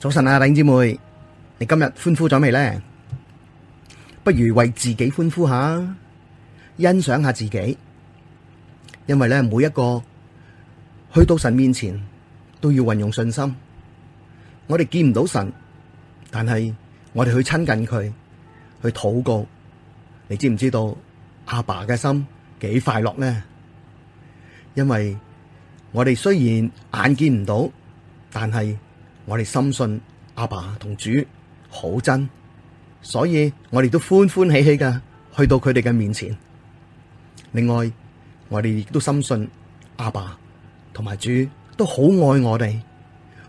早晨啊，弟兄姊妹，你今日歡呼咗未呢？不如為自己歡呼下，欣賞下自己，因為咧每一個去到神面前都要運用信心。我哋見唔到神，但係我哋去親近佢，去禱告。你知唔知道阿爸嘅心幾快樂呢？因為我哋雖然眼見唔到，但係。我哋深信阿爸同主好真，所以我哋都歡歡喜喜嘅去到佢哋嘅面前。另外，我哋亦都深信阿爸同埋主都好愛我哋，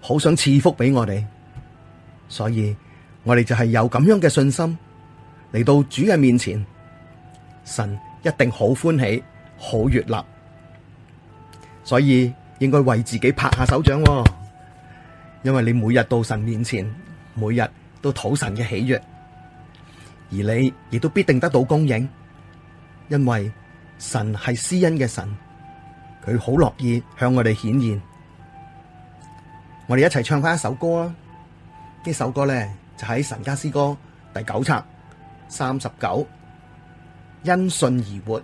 好想賜福俾我哋。所以我哋就係有咁樣嘅信心嚟到主嘅面前，神一定好歡喜、好悅納。所以應該為自己拍下手掌，哦。因為你每日到神面前，每日都討神嘅喜悦，而你亦都必定得到供應，因為神係施恩嘅神，佢好樂意向我哋顯現。我哋一齊唱返一首歌啊。呢首歌咧就喺、是《神家詩歌》第九冊三十九，因信而活。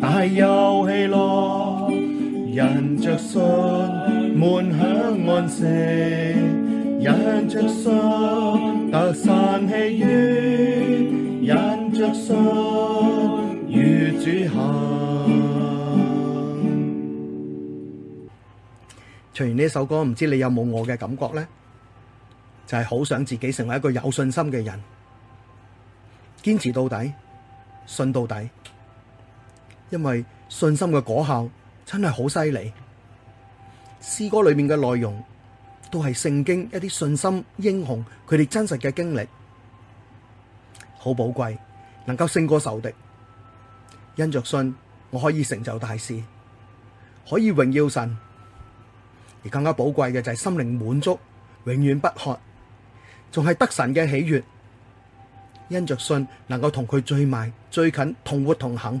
大有喜樂，因著信滿享安息，因著信得神喜悅，因著信與主行。唱完呢首歌，唔知你有冇我嘅感覺咧？就係、是、好想自己成為一個有信心嘅人，堅持到底，信到底。因為信心嘅果效真係好犀利，詩歌裏面嘅內容都係聖經一啲信心英雄佢哋真實嘅經歷，好寶貴，能夠勝過仇敵。因着信，我可以成就大事，可以榮耀神。而更加寶貴嘅就係心靈滿足，永遠不渴，仲係得神嘅喜悅。因着信，能夠同佢最埋最近同活同行。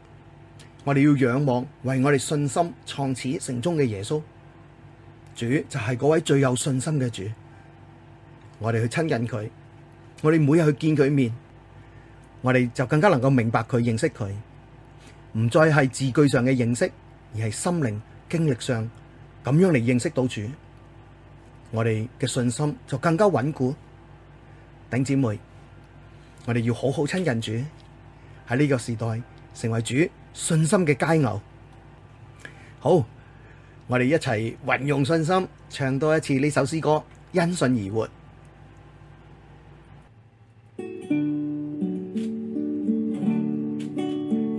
我哋要仰望為我哋信心創始成終嘅耶穌。主就係嗰位最有信心嘅主。我哋去親近佢，我哋每日去見佢面，我哋就更加能夠明白佢、認識佢，唔再係字句上嘅認識，而係心靈經歷上咁樣嚟認識到主。我哋嘅信心就更加穩固。頂姐妹，我哋要好好親近主，喺呢個時代成為主。信心嘅佳牛。好，我哋一齊運用信心唱多一次呢首詩歌，因信而活。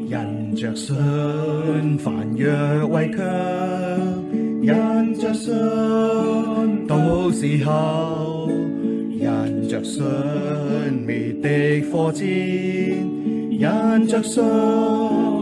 因著信，反弱為強；因著信，堵獅口；因著信，滅敵火箭；因著信。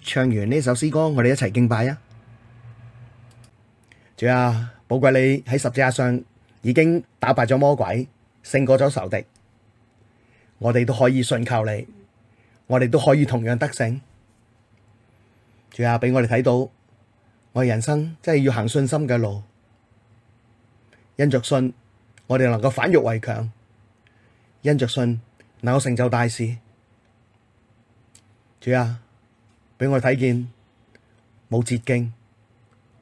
唱完呢首詩歌，我哋一齊敬拜啊！主啊，寶貴你喺十字架上已經打敗咗魔鬼，勝過咗仇敵，我哋都可以信靠你，我哋都可以同樣得勝。主啊，俾我哋睇到我哋人生真係要行信心嘅路，因着信，我哋能夠反弱為強，因着信。能有成就大事，主啊，俾我睇見冇捷徑，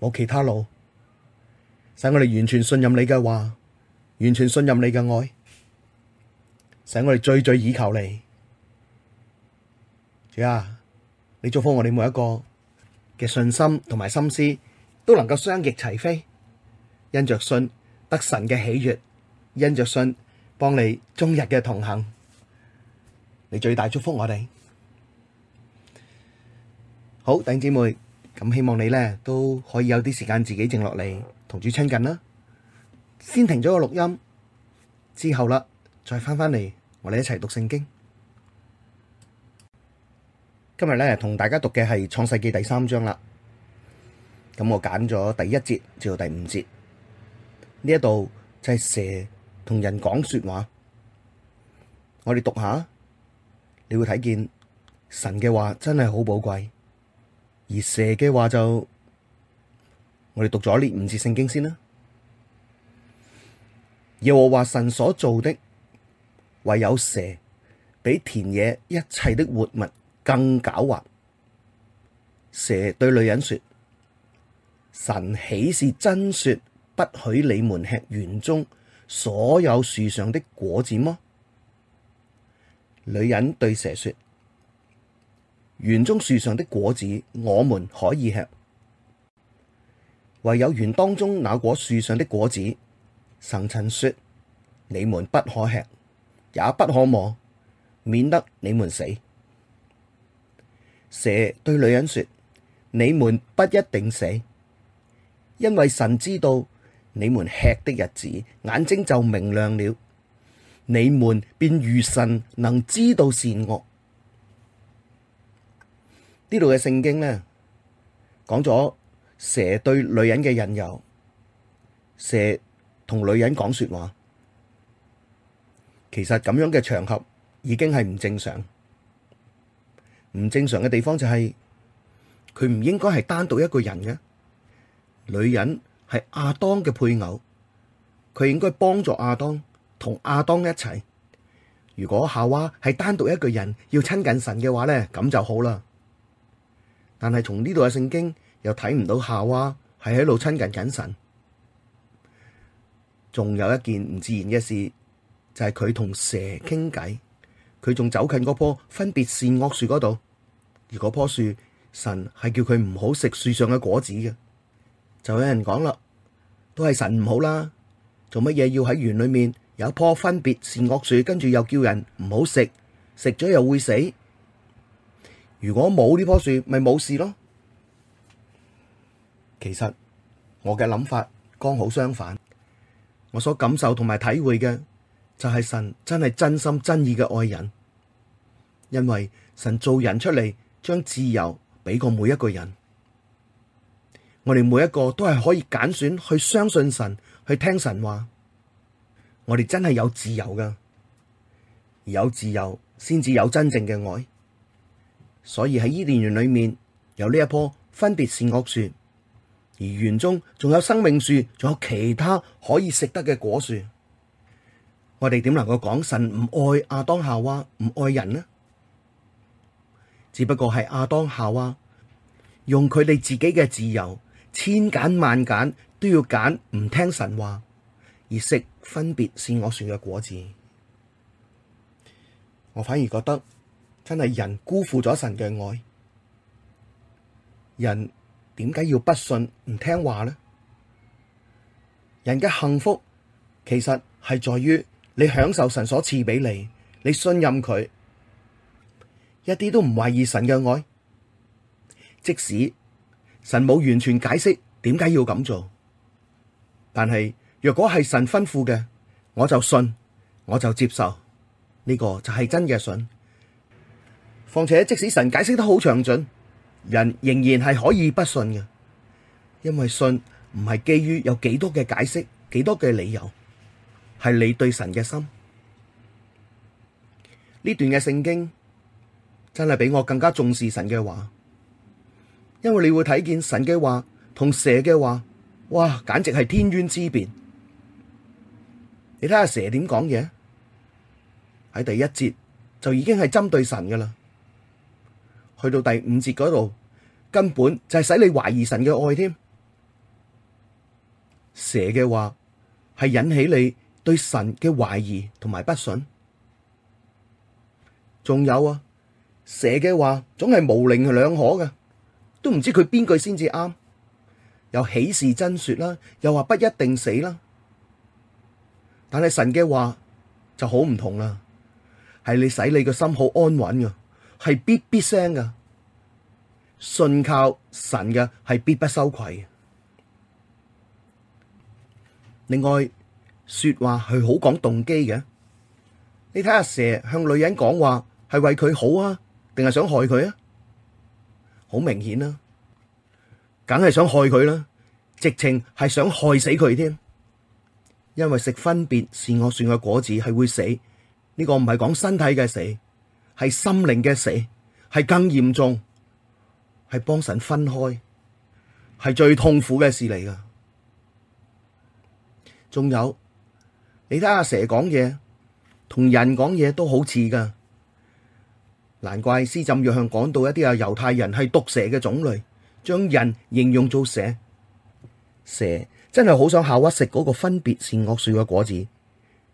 冇其他路，使我哋完全信任你嘅話，完全信任你嘅愛，使我哋最最以求你，主啊，你祝福我哋每一個嘅信心同埋心思都能夠相翼齊飛，因着信得神嘅喜悦，因着信幫你終日嘅同行。最大祝福我哋好，弟兄姊妹，咁希望你呢都可以有啲時間自己靜落嚟同主親近啦。先停咗個錄音之後啦，再翻翻嚟，我哋一齊讀聖經。今日呢同大家讀嘅係創世記第三章啦。咁我揀咗第一節至到第五節呢一度就係蛇同人講說話，我哋讀下。你會睇見神嘅話真係好寶貴，而蛇嘅話就我哋讀咗呢五節聖經先啦。耶和華神所造的，唯有蛇比田野一切的活物更狡猾。蛇對女人說：神豈是真說不許你們吃園中所有樹上的果子嗎？女人對蛇說：園中樹上的果子，我們可以吃；惟有園當中那棵樹上的果子，神曾說：你們不可吃，也不可摸，免得你們死。蛇對女人說：你們不一定死，因為神知道你們吃的日子，眼睛就明亮了。你們便如神能知道善惡。呢度嘅聖經咧，講咗蛇對女人嘅引誘，蛇同女人講說話。其實咁樣嘅場合已經係唔正常。唔正常嘅地方就係佢唔應該係單獨一個人嘅。女人係亞當嘅配偶，佢應該幫助亞當。同亞當一齊。如果夏娃係單獨一個人要親近神嘅話咧，咁就好啦。但係從呢度嘅聖經又睇唔到夏娃係喺度親近緊神。仲有一件唔自然嘅事，就係佢同蛇傾偈，佢仲走近嗰棵分別善惡樹嗰度。而嗰棵樹，神係叫佢唔好食樹上嘅果子嘅。就有人講啦，都係神唔好啦，做乜嘢要喺園裏面？有一棵分別善惡樹，跟住又叫人唔好食，食咗又會死。如果冇呢棵樹，咪冇事咯。其實我嘅諗法剛好相反，我所感受同埋體會嘅就係神真係真心真意嘅愛人，因為神做人出嚟，將自由俾過每一個人，我哋每一個都係可以揀選去相信神，去聽神話。我哋真係有自由噶，有自由先至有真正嘅愛。所以喺伊甸園裏面，有呢一棵分別善惡樹，而園中仲有生命樹，仲有其他可以食得嘅果樹。我哋點能夠講神唔愛亞當夏娃唔愛人呢？只不過係亞當夏娃用佢哋自己嘅自由，千揀萬揀都要揀唔聽神話。意識分別是我選嘅果子，我反而覺得真係人辜負咗神嘅愛，人點解要不信唔聽話呢？人嘅幸福其實係在於你享受神所賜俾你，你信任佢，一啲都唔懷疑神嘅愛，即使神冇完全解釋點解要咁做，但係。若果係神吩咐嘅，我就信，我就接受，呢個就係真嘅信。況且即使神解釋得好詳盡，人仍然係可以不信嘅，因為信唔係基於有幾多嘅解釋、幾多嘅理由，係你對神嘅心。呢段嘅聖經真係比我更加重視神嘅話，因為你會睇見神嘅話同蛇嘅話，哇，簡直係天淵之別。你睇下蛇點講嘢，喺第一節就已經係針對神噶啦，去到第五節嗰度，根本就係使你懷疑神嘅愛添。蛇嘅話係引起你對神嘅懷疑同埋不信，仲有啊，蛇嘅話總係模稜兩可嘅，都唔知佢邊句先至啱，又豈是真說啦，又話不一定死啦。但係神嘅話就好唔同啦，係你使你個心好安穩噶，係必必聲噶，信靠神嘅係必不羞愧。另外說話係好講動機嘅，你睇下蛇向女人講話係為佢好啊，定係想害佢啊？好明顯啦，啊，梗係想害佢啦，直情係想害死佢添。因為食分別善惡樹嘅果子係會死，呢、這個唔係講身體嘅死，係心靈嘅死，係更嚴重，係幫神分開，係最痛苦嘅事嚟噶。仲有，你睇下蛇講嘢，同人講嘢都好似噶，難怪施浸約翰講到一啲啊猶太人係毒蛇嘅種類，將人形容做蛇，蛇。真係好想下屈食嗰個分別善惡樹嘅果子，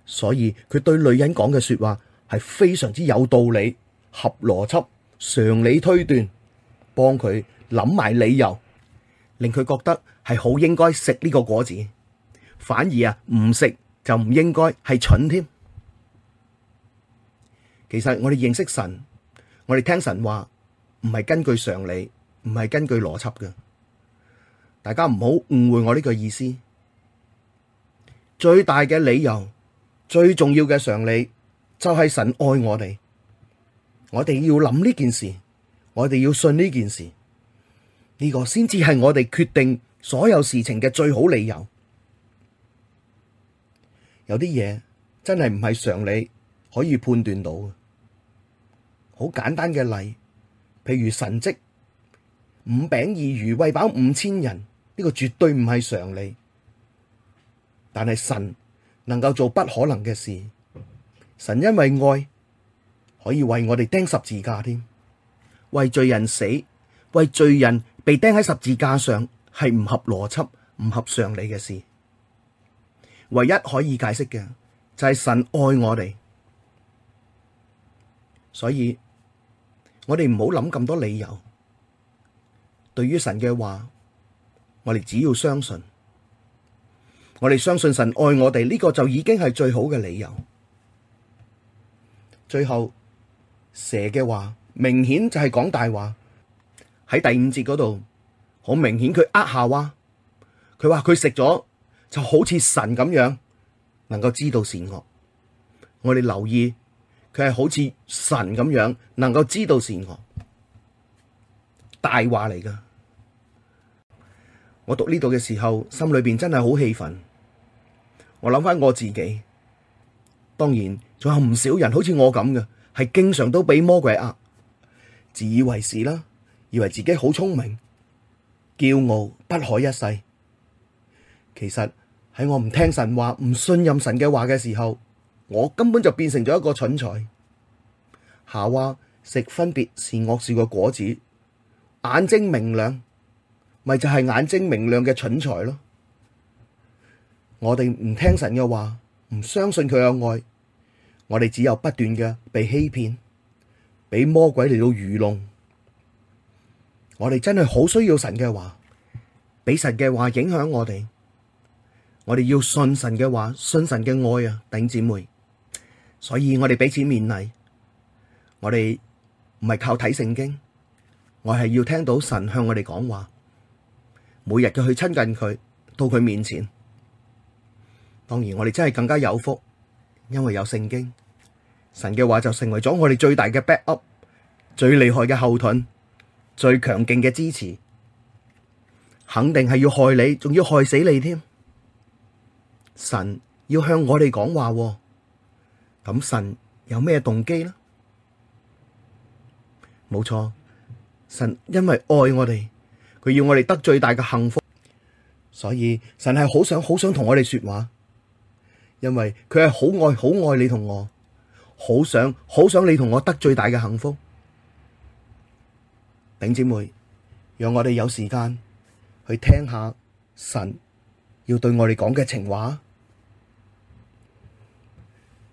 所以佢對女人講嘅說話係非常之有道理、合邏輯、常理推斷，幫佢諗埋理由，令佢覺得係好應該食呢個果子，反而啊唔食就唔應該係蠢添。其實我哋認識神，我哋聽神話，唔係根據常理，唔係根據邏輯嘅。大家唔好誤會我呢個意思。最大嘅理由，最重要嘅常理，就係神愛我哋。我哋要諗呢件事，我哋要信呢件事，呢個先至係我哋決定所有事情嘅最好理由。有啲嘢真係唔係常理可以判斷到嘅。好簡單嘅例，譬如神蹟，五餅二魚喂飽五千人。呢個絕對唔係常理，但係神能夠做不可能嘅事。神因為愛，可以為我哋釘十字架添，為罪人死，為罪人被釘喺十字架上，係唔合邏輯、唔合常理嘅事。唯一可以解釋嘅就係神愛我哋，所以我哋唔好諗咁多理由，對於神嘅話。我哋只要相信，我哋相信神愛我哋呢個就已經係最好嘅理由。最後蛇嘅話明顯就係講大話，喺第五節嗰度好明顯佢呃下話，佢話佢食咗就好似神咁樣能夠知道善惡。我哋留意佢係好似神咁樣能夠知道善惡，大話嚟噶。我讀呢度嘅時候，心裏邊真係好氣憤。我諗翻我自己，當然仲有唔少人好似我咁嘅，係經常都俾魔鬼壓，自以為是啦，以為自己好聰明，驕傲不可一世。其實喺我唔聽神話、唔信任神嘅話嘅時候，我根本就變成咗一個蠢材。夏娃食分別是惡事嘅果子，眼睛明亮。咪就係眼睛明亮嘅蠢材咯！我哋唔聽神嘅話，唔相信佢有愛，我哋只有不斷嘅被欺騙，俾魔鬼嚟到愚弄。我哋真係好需要神嘅話，俾神嘅話影響我哋。我哋要信神嘅話，信神嘅愛啊！弟姊妹，所以我哋彼此勉勵，我哋唔係靠睇聖經，我係要聽到神向我哋講話。每日嘅去親近佢，到佢面前。當然，我哋真係更加有福，因為有聖經，神嘅話就成為咗我哋最大嘅 backup，最厲害嘅後盾，最強勁嘅支持。肯定係要害你，仲要害死你添。神要向我哋講話喎，咁神有咩動機呢？冇錯，神因為愛我哋。佢要我哋得最大嘅幸福，所以神係好想好想同我哋說話，因為佢係好愛好愛你同我，好想好想你同我得最大嘅幸福。頂姐妹，讓我哋有時間去聽下神要對我哋講嘅情話，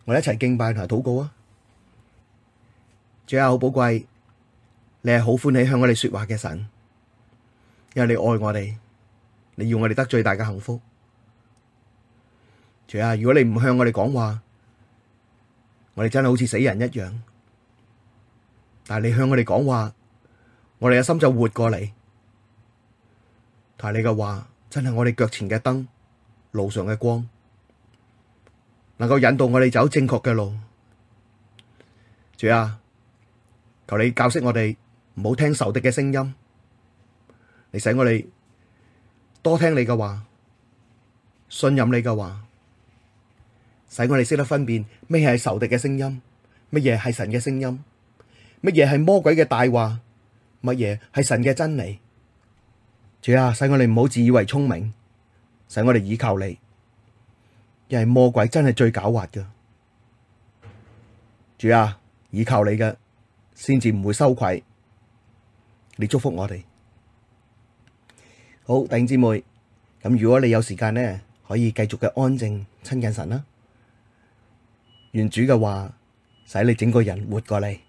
我哋一齊敬拜同埋禱告啊！主啊，好寶貴，你係好歡喜向我哋說話嘅神。係你愛我哋，你要我哋得最大嘅幸福。主啊，如果你唔向我哋講話，我哋真係好似死人一樣。但係你向我哋講話，我哋嘅心就活過嚟。但係你嘅話，真係我哋腳前嘅燈，路上嘅光，能夠引導我哋走正確嘅路。主啊，求你教識我哋唔好聽仇敵嘅聲音。你使我哋多聽你嘅話，信任你嘅話，使我哋識得分辨咩係仇敵嘅聲音，乜嘢係神嘅聲音，乜嘢係魔鬼嘅大話，乜嘢係神嘅真理。主啊，使我哋唔好自以為聰明，使我哋倚靠你。又係魔鬼真係最狡猾嘅。主啊，倚靠你嘅先至唔會羞愧，你祝福我哋。好，弟兄姊妹，咁如果你有時間呢，可以繼續嘅安靜親近神啦。願主嘅話使你整個人活過嚟。